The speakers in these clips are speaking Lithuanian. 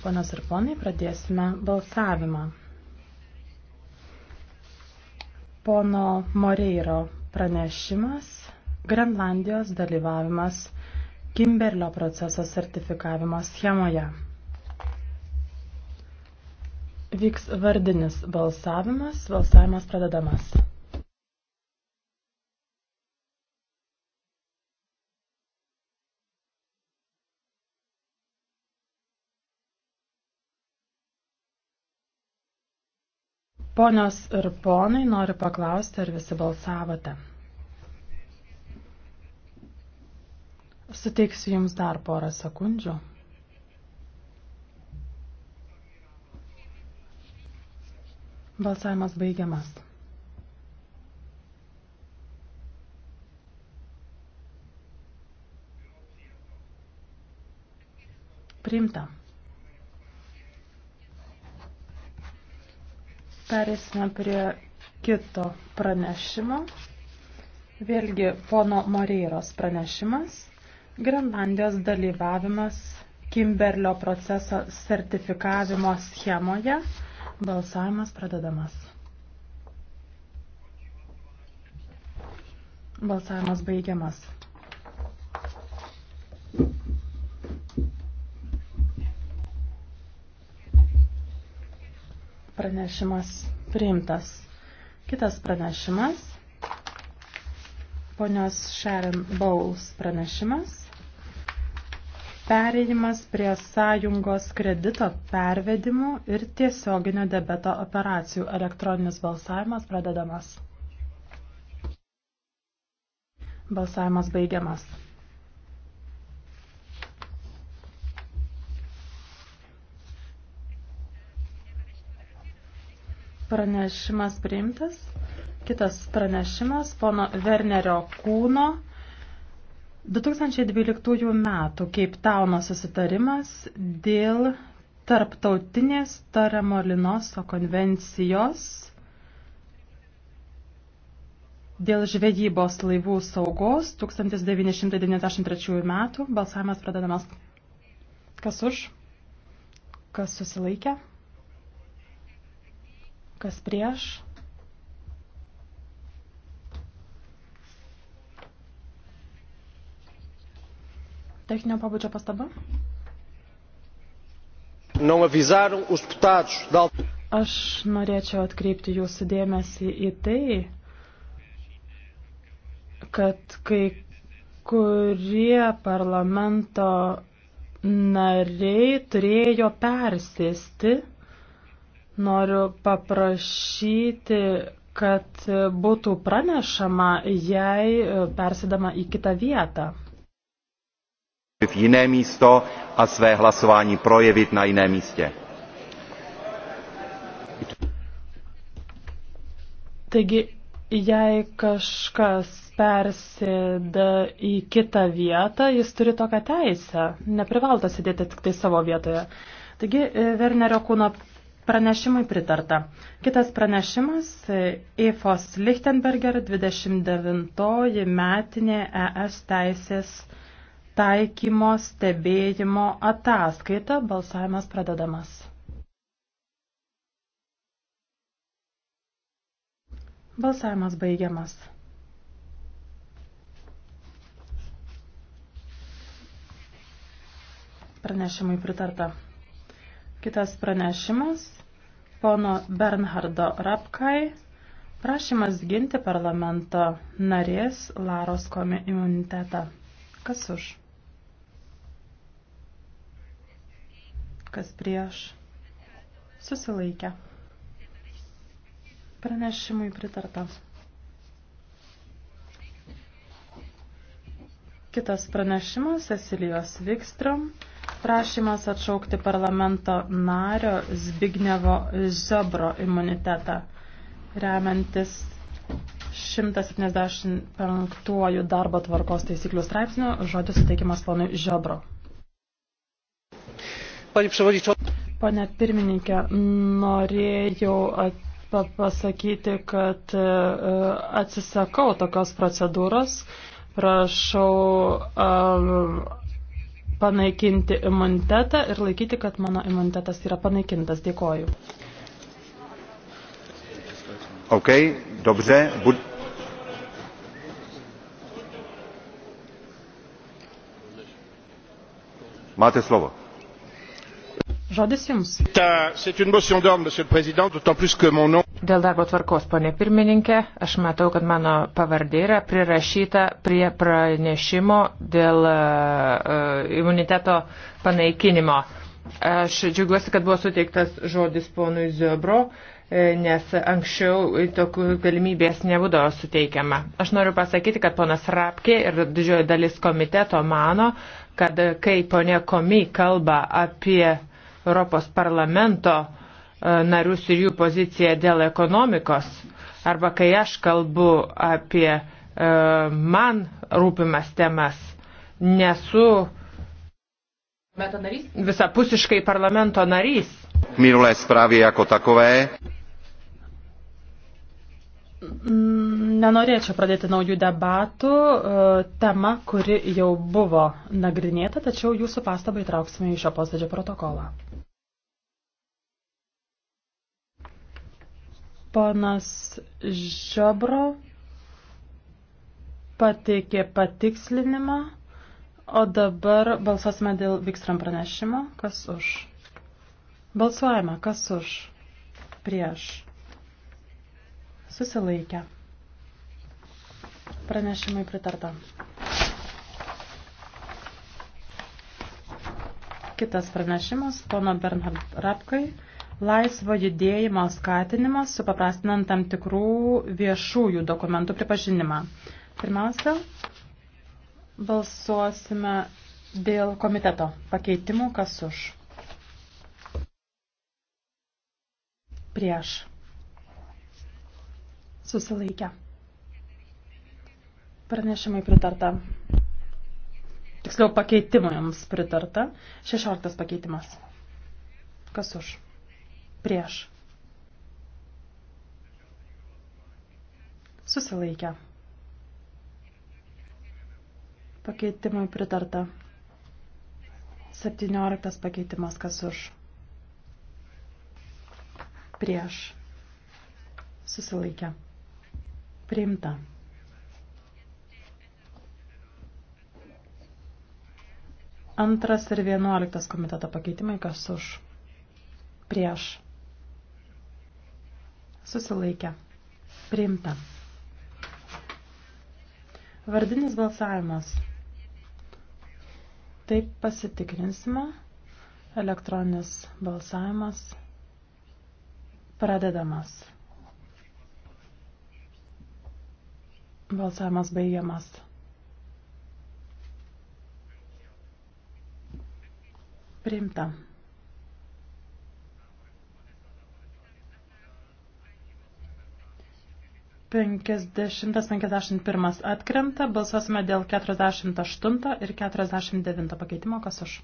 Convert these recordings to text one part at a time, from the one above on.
Panas ir ponai, pradėsime balsavimą. Pono Moreiro pranešimas Grenlandijos dalyvavimas Kimberlio proceso sertifikavimo schemoje. Vyks vardinis balsavimas, balsavimas pradedamas. Ponios ir ponai, noriu paklausti, ar visi balsavote. Suteiksiu Jums dar porą sekundžių. Balsavimas baigiamas. Priimta. Perėsime prie kito pranešimo. Vėlgi pono Moreiros pranešimas. Grenlandijos dalyvavimas Kimberlio proceso sertifikavimo schemoje. Balsavimas pradedamas. Balsavimas baigiamas. Pranešimas priimtas. Kitas pranešimas. Ponios Sharon Bowles pranešimas. Pereimas prie sąjungos kredito pervedimų ir tiesioginio debeto operacijų. Elektroninis balsavimas pradedamas. Balsavimas baigiamas. pranešimas priimtas. Kitas pranešimas pono Wernerio kūno 2012 metų kaip tauno susitarimas dėl tarptautinės Taremolinoso konvencijos dėl žvejybos laivų saugos 1993 metų. Balsavimas pradedamas. Kas už? Kas susilaikė? Kas prieš? Techninio pabudžio pastaba. Aš norėčiau atkreipti jūsų dėmesį į tai, kad kai kurie parlamento nariai turėjo persėsti Noriu paprašyti, kad būtų pranešama, jei e, persėdama į kitą vietą. V jiné místo a své hlasování projevit na jiném místě. Taigi, jei kažkas persėda į kitą vietą, jis turi tokią teisę. Neprivalta sėdėti tik tai savo vietoje. Taigi, Vernerio e, kūno Pranešimui pritarta. Kitas pranešimas – EFOS Lichtenberger 29 metinė ES teisės taikymo stebėjimo ataskaita. Balsavimas pradedamas. Balsavimas baigiamas. Pranešimui pritarta. Kitas pranešimas pono Bernhardo Rapkai prašymas ginti parlamento narės Laros komi imunitetą. Kas už? Kas prieš? Susilaikę. Pranešimui pritarta. Kitas pranešimas Cecilijos Vikstrom prašymas atšaukti parlamento nario Zbignevo Ziobro imunitetą, remiantis 175 darbo tvarkos taisyklių straipsnių, žodis suteikimas ponui Žiobro. Pane pirmininkė, norėjau at pasakyti, kad e, atsisakau tokios procedūros, prašau um, panaikinti imunitetą ir laikyti, kad mano imunitetas yra panaikintas. Dėkoju. OK, dobrze. Bud... Máte slovo. Žodis Jums. Dėl darbo tvarkos, ponė pirmininkė, aš matau, kad mano pavardė yra prirašyta prie pranešimo dėl uh, imuniteto panaikinimo. Aš džiugiuosi, kad buvo suteiktas žodis ponui Ziobro, e, nes anksčiau tokių galimybės nebūdavo suteikiama. Aš noriu pasakyti, kad ponas Rapkė ir didžioji dalis komiteto mano, kad kai ponė Komi kalba apie Europos parlamento e, narius ir jų poziciją dėl ekonomikos, arba kai aš kalbu apie e, man rūpimas temas, nesu visapusiškai parlamento narys. Minulé správy jako takové. Nenorėčiau pradėti naujų debatų. E, tema, kuri jau buvo nagrinėta, tačiau jūsų pastabą įtrauksime į šio posėdžio protokolą. Ponas Žiobro pateikė patikslinimą, o dabar balsuosime dėl Vikstram pranešimo. Kas už? Balsuojame. Kas už? Prieš. Susilaikę. Pranešimai pritarta. Kitas pranešimas, pono Bernhard Rapkai laisvo judėjimo skatinimas, supaprastinant tam tikrų viešųjų dokumentų pripažinimą. Pirmiausia, balsuosime dėl komiteto pakeitimų, kas už. Prieš. Susilaikę. Pranešimai pritarta. Tiksliau pakeitimui jums pritarta. 16 pakeitimas. Kas už? prieš. Susilaikę. Pakeitimui pritarta. 17 pakeitimas kas už. Prieš. Susilaikę. Priimta. Antras ir vienuoliktas komiteto pakeitimai kas už. Prieš Susilaikę. Priimta. Vardinis balsavimas. Taip pasitikrinsime. Elektroninis balsavimas pradedamas. Balsavimas baigiamas. Priimta. 50-51 atkrenta, balsuosime dėl 48 ir 49 pakeitimo, kas už.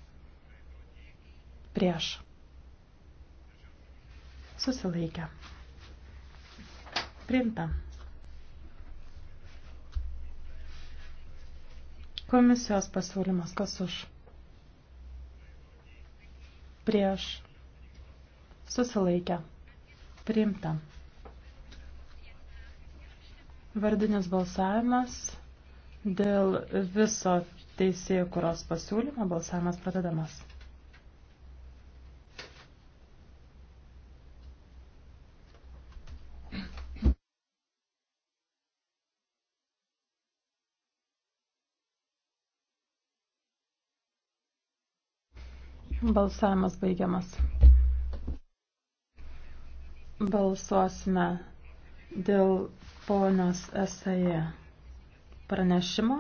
Prieš. Susilaikę. Priimta. Komisijos pasiūlymas, kas už. Prieš. Susilaikę. Priimta. Vardinis balsavimas dėl viso teisėjų kuros pasiūlymo balsavimas pradedamas. Balsavimas baigiamas. Balsuosime dėl ponios SAE pranešimo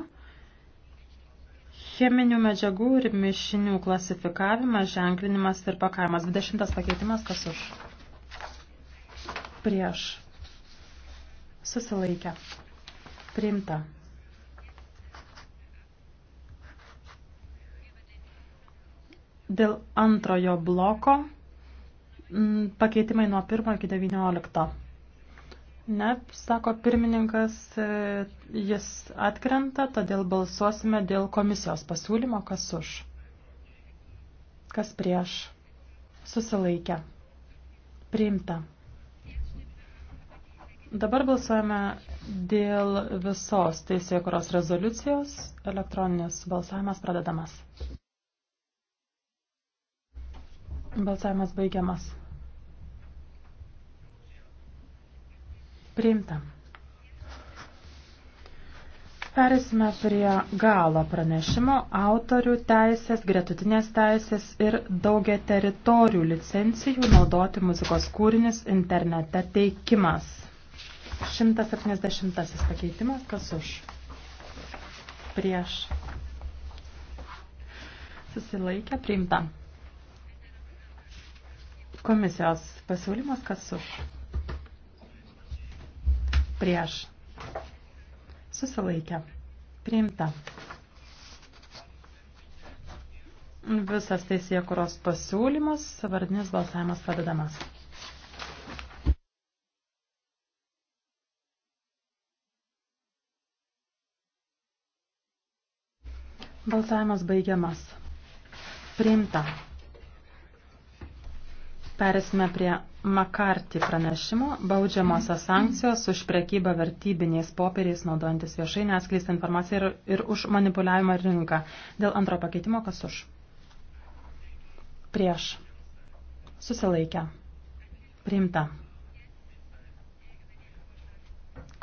cheminių medžiagų ir mišinių klasifikavimas, ženklinimas ir pakavimas. 20 pakeitimas, kas už? Prieš. Susilaikę. Priimta. Dėl antrojo bloko mm, pakeitimai nuo 1 iki 19. Ne, sako pirmininkas, e, jis atkrenta, todėl balsuosime dėl komisijos pasiūlymo, kas už. Kas prieš. Susilaikę. Priimta. Dabar balsuojame dėl visos teisėkuros rezoliucijos. Elektroninis balsavimas pradedamas. Balsavimas baigiamas. Priimta. Perėsime prie galo pranešimo autorių teisės, gretutinės teisės ir daugia teritorijų licencijų naudoti muzikos kūrinis internete teikimas. 170 pakeitimas, kas už? Prieš. Susilaikę, priimta. Komisijos pasiūlymas, kas už? prieš, susilaikę, priimta. Visas teisėkuros pasiūlymas, vardinis balsavimas padedamas. Balsavimas baigiamas. Priimta. Perėsime prie Makarti pranešimo baudžiamosios sankcijos už prekybą vertybiniais popieriais naudojantis viešai neskleistą informaciją ir, ir už manipuliavimą rinką. Dėl antro pakeitimo kas už? Prieš. Susilaikę. Priimta.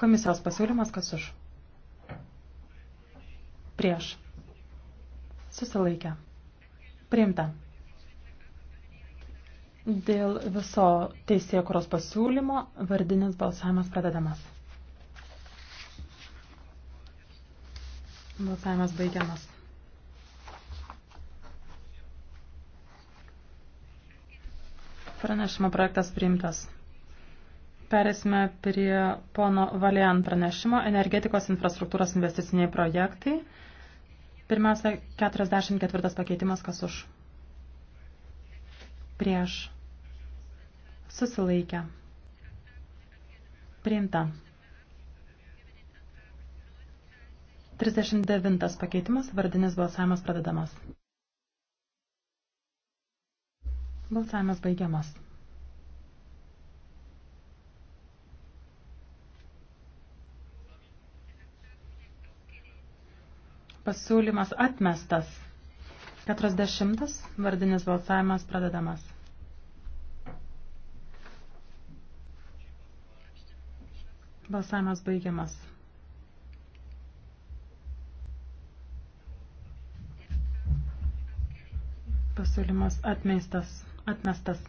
Komisijos pasiūlymas kas už? Prieš. Susilaikę. Priimta. Dėl viso teisėkuros pasiūlymo vardinis balsavimas pradedamas. Balsavimas baigiamas. Pranešimo projektas priimtas. Perėsime prie pono Valian pranešimo energetikos infrastruktūros investiciniai projektai. Pirmiausia, 44 pakeitimas, kas už. Prieš susilaikę, priimta. 39 pakeitimas, vardinis balsavimas pradedamas. Balsavimas baigiamas. Pasiūlymas atmestas. 40 vardinis balsavimas pradedamas. Balsavimas baigiamas. Pasiūlymas atmestas. atmestas.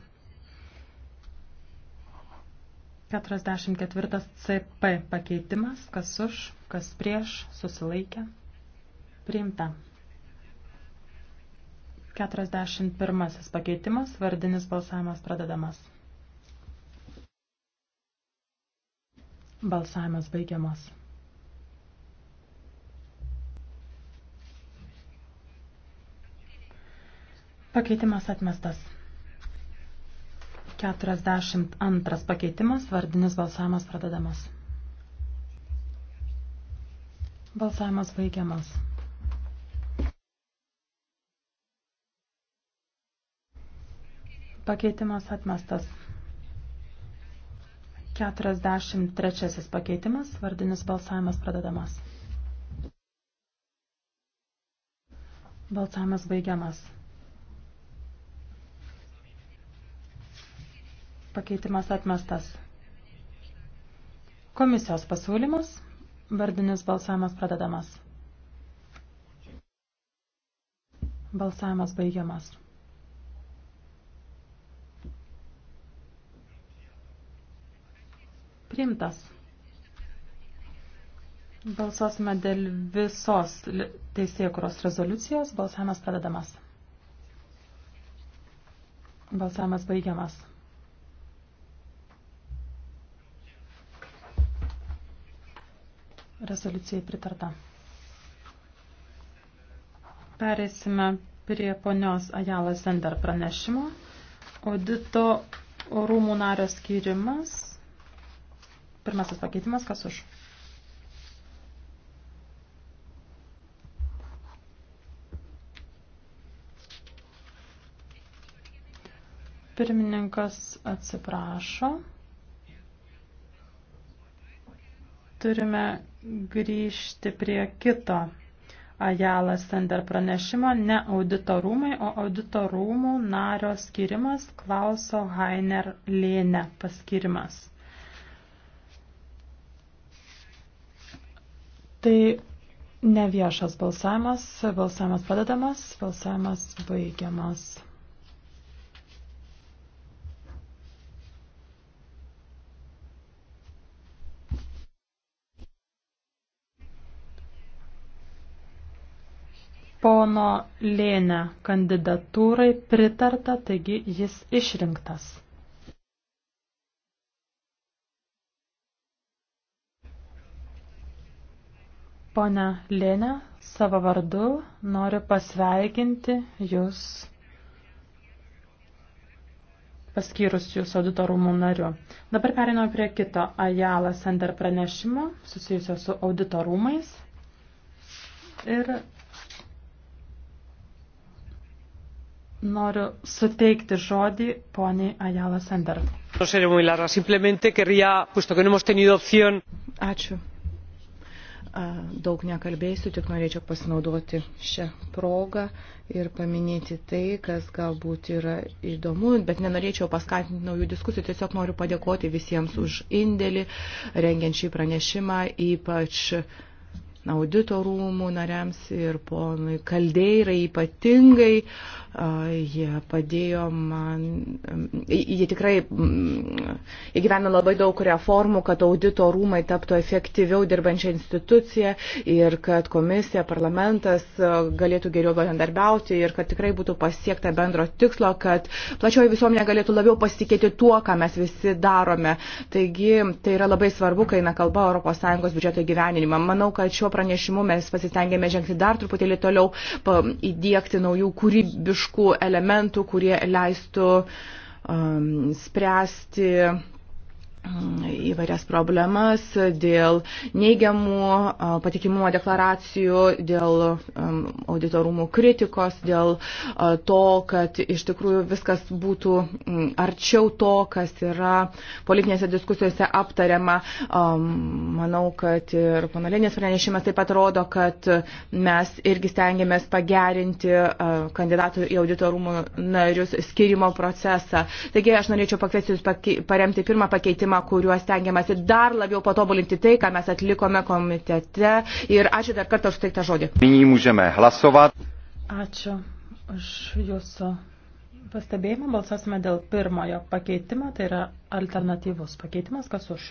44 CP pakeitimas, kas už, kas prieš, susilaikė, priimta. 41 pakeitimas, vardinis balsavimas pradedamas. Balsavimas baigiamas. Pakeitimas atmestas. 42 pakeitimas, vardinis balsavimas pradedamas. Balsavimas baigiamas. Pakeitimas atmestas. 43 pakeitimas, vardinis balsavimas pradedamas. Balsavimas baigiamas. Pakeitimas atmestas. Komisijos pasiūlymas, vardinis balsavimas pradedamas. Balsavimas baigiamas. Priimtas. Balsuosime dėl visos teisėkuros rezoliucijos. Balsavimas pradedamas. Balsavimas baigiamas. Rezoliucijai pritarta. Pereisime prie ponios Ajala Sender pranešimo. Audito rūmų nario skyrimas Pirmasis pakeitimas, kas už? Pirmininkas atsiprašo. Turime grįžti prie kito Ajala Sender pranešimo, ne auditorumai, o auditorumų nario skirimas Klauso Hainer Lėne paskirimas. Tai ne viešas balsavimas, balsavimas padedamas, balsavimas baigiamas. pono Lėnę kandidatūrai pritarta, taigi jis išrinktas. Pone Lėne, savo vardu noriu pasveikinti Jūs paskyrus Jūs auditorumų nariu. Dabar pereiname prie kito Ajala Sender pranešimo susijusio su auditorumais. Ir noriu suteikti žodį poniai Ajala Sender. No seré muy larga, simplemente querría, puesto que no hemos tenido opción. Ačiū. Daug nekalbėsiu, tik norėčiau pasinaudoti šią progą ir paminėti tai, kas galbūt yra įdomu, bet nenorėčiau paskatinti naujų diskusijų, tiesiog noriu padėkoti visiems už indėlį, rengiant šį pranešimą, ypač uh, audito rūmų nariams ir ponui Kaldeirai ypatingai. Jie padėjo man, jie tikrai įgyvena labai daug reformų, kad audito rūmai taptų efektyviau dirbančią instituciją ir kad komisija, parlamentas galėtų geriau bendarbiauti ir kad tikrai būtų pasiekta bendro tikslo, kad plačioji visuomenė galėtų labiau pasitikėti tuo, ką mes visi darome. Taigi tai yra labai svarbu, kai eina kalba ES biudžeto gyveninimą. Manau, kad šiuo pranešimu mes pasistengėme žengti dar truputėlį toliau, įdėkti naujų kūrybiškų elementų, kurie leistų um, spręsti įvairias problemas dėl neigiamų patikimumo deklaracijų, dėl auditorumų kritikos, dėl to, kad iš tikrųjų viskas būtų arčiau to, kas yra politinėse diskusijose aptariama. Manau, kad ir panalinės pranešimas taip pat rodo, kad mes irgi stengiamės pagerinti kandidatų į auditorumų narius skirimo procesą. Taigi aš norėčiau pakviesti Jūs paremti pirmą pakeitimą pasiūlymą, kuriuo stengiamasi dar labiau patobulinti tai, ką mes atlikome komitete. Ir ačiū dar kartą už tai tą žodį. Ačiū už jūsų pastebėjimą. Balsasime dėl pirmojo pakeitimo, tai yra alternatyvus pakeitimas, kas už.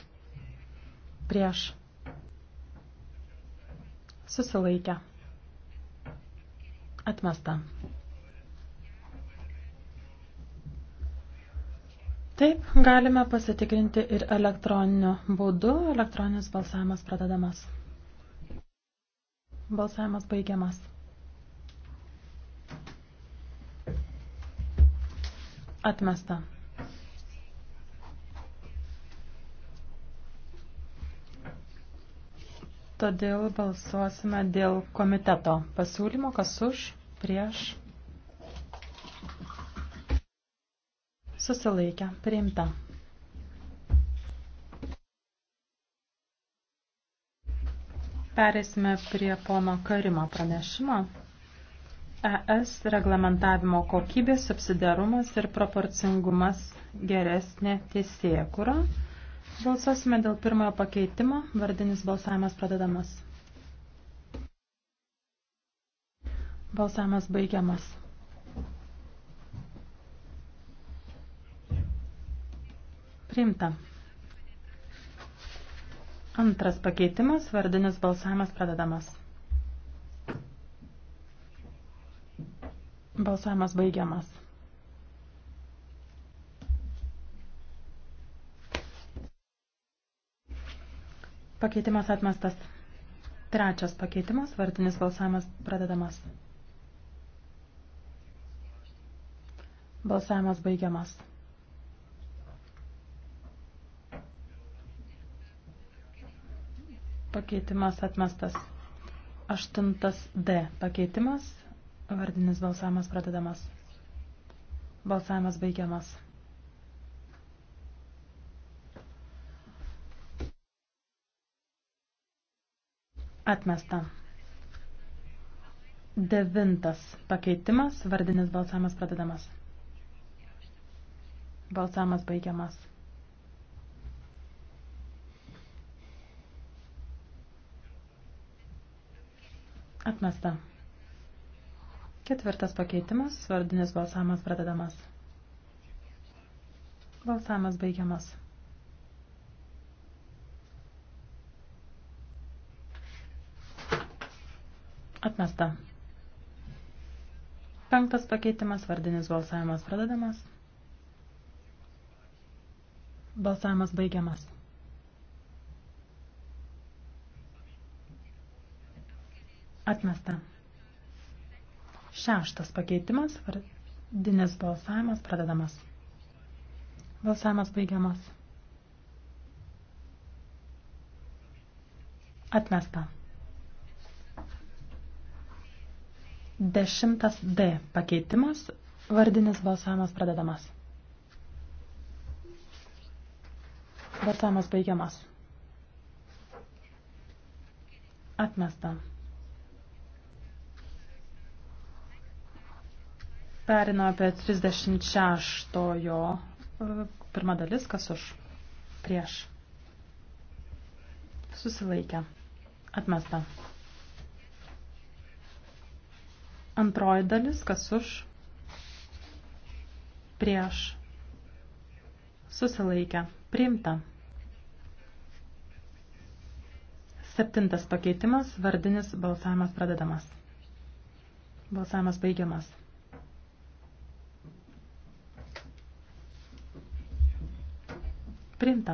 Prieš. Susilaikę. Atmesta. Taip, galime pasitikrinti ir elektroniniu būdu. Elektroninis balsavimas pradedamas. Balsavimas baigiamas. Atmesta. Todėl balsuosime dėl komiteto pasiūlymo, kas už, prieš. susilaikę, priimta. Perėsime prie pono Karimo pranešimo. ES reglamentavimo kokybė, subsidarumas ir proporcingumas geresnė teisėkura. Balsuosime dėl pirmojo pakeitimo. Vardinis balsavimas pradedamas. Balsavimas baigiamas. Priimta. Antras pakeitimas, vardinis balsavimas pradedamas. Balsavimas baigiamas. Pakeitimas atmestas. Trečias pakeitimas, vardinis balsavimas pradedamas. Balsavimas baigiamas. Pakeitimas atmestas. Aštuntas D. Pakeitimas. Vardinis balsavimas pradedamas. Balsavimas baigiamas. Atmesta. Devintas pakeitimas, vardinis balsavimas pradedamas. Balsavimas baigiamas. Atmesta. Ketvirtas pakeitimas, vardinis balsavimas pradedamas. Balsavimas baigiamas. Atmesta. Penktas pakeitimas, vardinis balsavimas pradedamas. Balsavimas baigiamas. Atmesta. Šeštas pakeitimas, vardinis balsavimas pradedamas. Balsavimas baigiamas. Atmesta. Dešimtas D pakeitimas, vardinis balsavimas pradedamas. Balsavimas baigiamas. Atmesta. Perino apie 36-ojo e, pirmą dalis, kas už prieš. Susilaikę. Atmesta. Antroji dalis, kas už prieš. Susilaikę. Priimta. Septintas pakeitimas, vardinis balsavimas pradedamas. Balsavimas baigiamas. Priimta.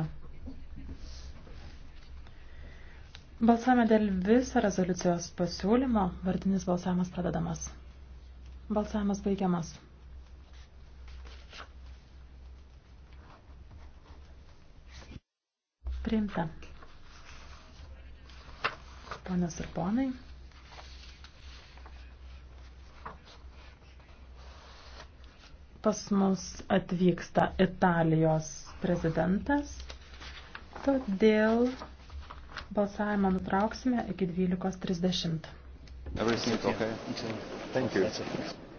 Balsavime dėl viso rezoliucijos pasiūlymo vardinis balsavimas pradedamas. Balsavimas baigiamas. Priimta. Ponas ir ponai. pas mus atvyksta Italijos prezidentas, todėl balsavimą nutrauksime iki 12.30. Everything okay? Thank you.